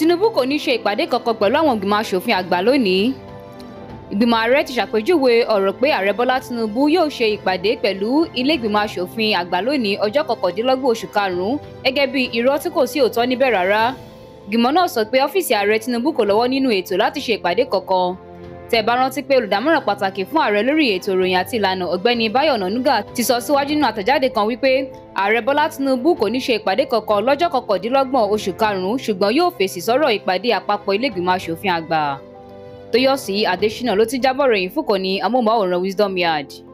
Tinubu kò ní ṣe ìpàdé kankan pẹ̀lú àwọn ìgbìmọ̀ asòfin àgbà lónìí ìgbìmọ̀ ààrẹ ti ṣàpèjúwe ọ̀rọ̀ pé ààrẹ Bọ́lá Tinubu yóò ṣe ìpàdé pẹ̀lú ilé ìgbìmọ̀ asòfin àgbà lónìí ọjọ́ kọkàndínlọ́gbọ̀n oṣù karùn-ún gẹ́gẹ́ bí irọ́ tí kò sí òótọ́ níbẹ̀ rárá ìgbìmọ̀ náà sọ pé ọ́fíìsì ààrẹ Tinubu kò lọ́wọ́ nínú ètò láti ṣe ìpàdé kankan tẹ́ bá rántí pé olùdámọ̀ràn pàtàkì fún ààrẹ lórí ètò ìròyìn àti ìlànà ọ̀gbẹ́ni Báyọ̀ Ọ̀nànúgà ti sọ síwájú nínú àtẹ̀jáde kan wípé ààrẹ Bọ́lá Tinubu kò ní ṣe ìpàdé kankan lọ́jọ́ kọkàndínlọ́gbọ̀n oṣù karùn-ún ṣùgbọ́n yóò fèsì sọ́rọ̀ ìpàdé àpapọ̀ ilégbìmọ̀ aṣòfin àgbà Tóyọ̀sí Adéṣínà ló ti jábọ̀ ròyìn Wisdom Yard.